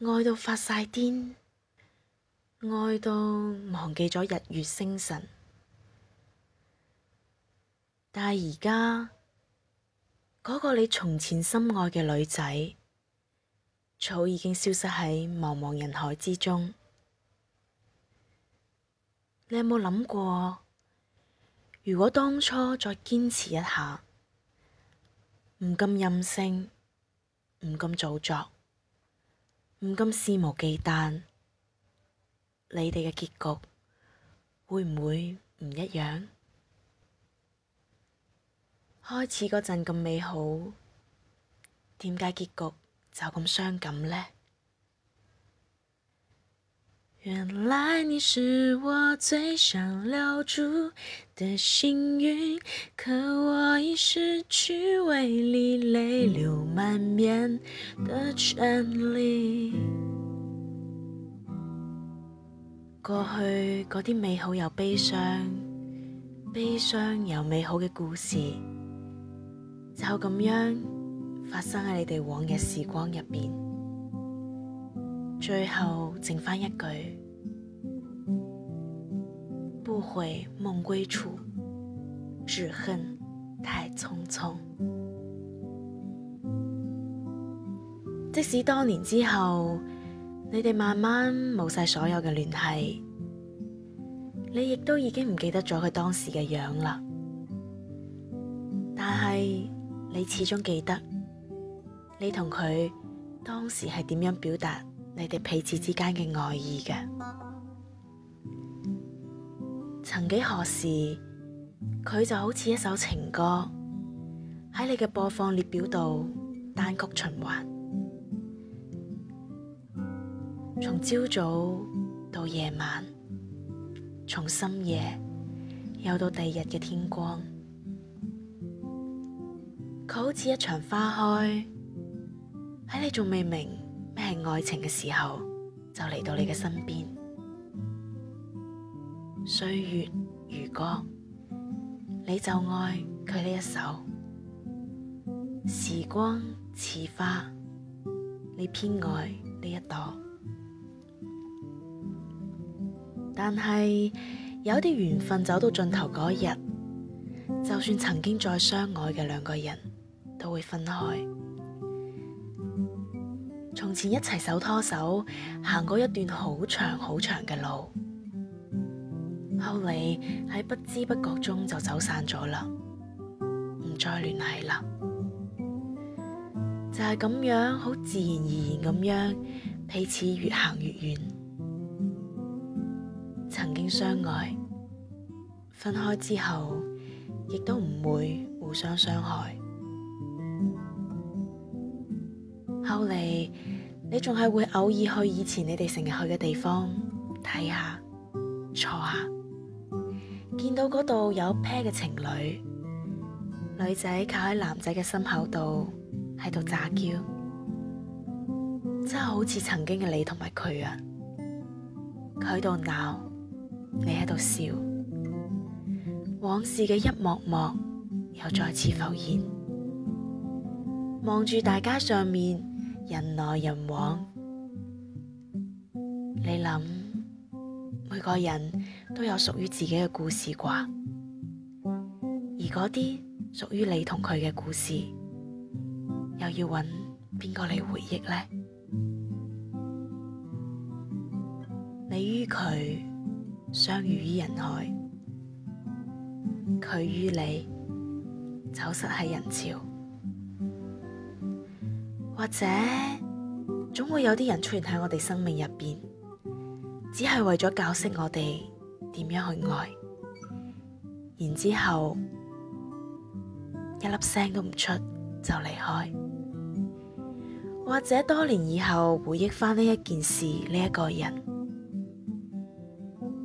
愛到發晒癲，愛到忘記咗日月星辰。但係而家嗰個你從前心愛嘅女仔，早已經消失喺茫茫人海之中。你有冇諗過，如果當初再堅持一下，唔咁任性，唔咁做作？唔咁肆無忌憚，你哋嘅結局會唔會唔一樣？開始嗰陣咁美好，點解結局就咁傷感呢？原來你是我最想留住的幸運，可我已失去為你淚流滿面的權利。過去嗰啲美好又悲傷、悲傷又美好嘅故事，就咁樣發生喺你哋往日時光入面。最後剩翻一句：不悔夢歸處，只恨太匆匆。即使多年之後，你哋慢慢冇晒所有嘅聯繫，你亦都已經唔記得咗佢當時嘅樣啦。但係你始終記得，你同佢當時係點樣表達？你哋彼此之間嘅愛意嘅，曾幾何時，佢就好似一首情歌，喺你嘅播放列表度單曲循環，從朝早到夜晚，從深夜又到第二日嘅天光，佢好似一場花開，喺你仲未明咩係愛情嘅時候，就嚟到你嘅身邊。歲月如歌，你就愛佢呢一首；時光似花，你偏愛呢一朵。但係有啲緣分走到盡頭嗰日，就算曾經再相愛嘅兩個人，都會分開。從前一齊手拖手，行過一段好長好長嘅路，後嚟喺不知不覺中就走散咗啦，唔再聯繫啦，就係咁樣，好自然而然咁樣，彼此越行越遠。曾經相愛，分開之後亦都唔會互相傷害。後嚟。你仲係會偶爾去以前你哋成日去嘅地方睇下、坐下，見到嗰度有 pair 嘅情侶，女仔靠喺男仔嘅心口度喺度詐嬌，真係好似曾經嘅你同埋佢啊！佢喺度鬧，你喺度笑，往事嘅一幕幕又再次浮現，望住大街上面。人來人往，你諗每個人都有屬於自己嘅故事啩，而嗰啲屬於你同佢嘅故事，又要揾邊個嚟回憶呢？你與佢相遇於人海，佢與你走失喺人潮。或者總會有啲人出現喺我哋生命入邊，只係為咗教識我哋點樣去愛，然之後一粒聲都唔出就離開。或者多年以後回憶翻呢一件事呢一個人，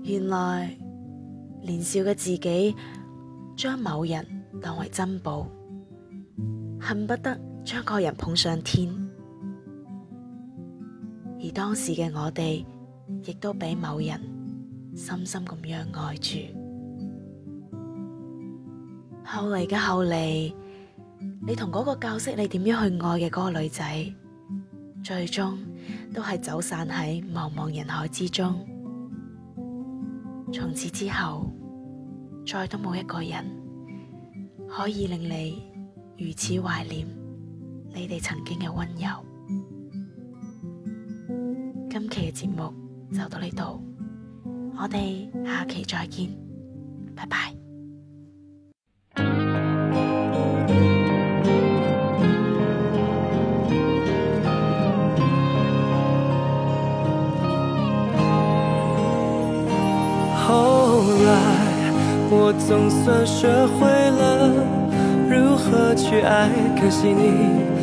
原來年少嘅自己將某人當為珍寶，恨不得。將個人捧上天，而當時嘅我哋亦都俾某人深深咁樣愛住。後嚟嘅後嚟，你同嗰個教識你點樣去愛嘅嗰個女仔，最終都係走散喺茫茫人海之中。從此之後，再都冇一個人可以令你如此懷念。你哋曾經嘅溫柔，今期嘅節目就到呢度，我哋下期再見，拜拜。後來我總算學會了如何去愛，可惜你。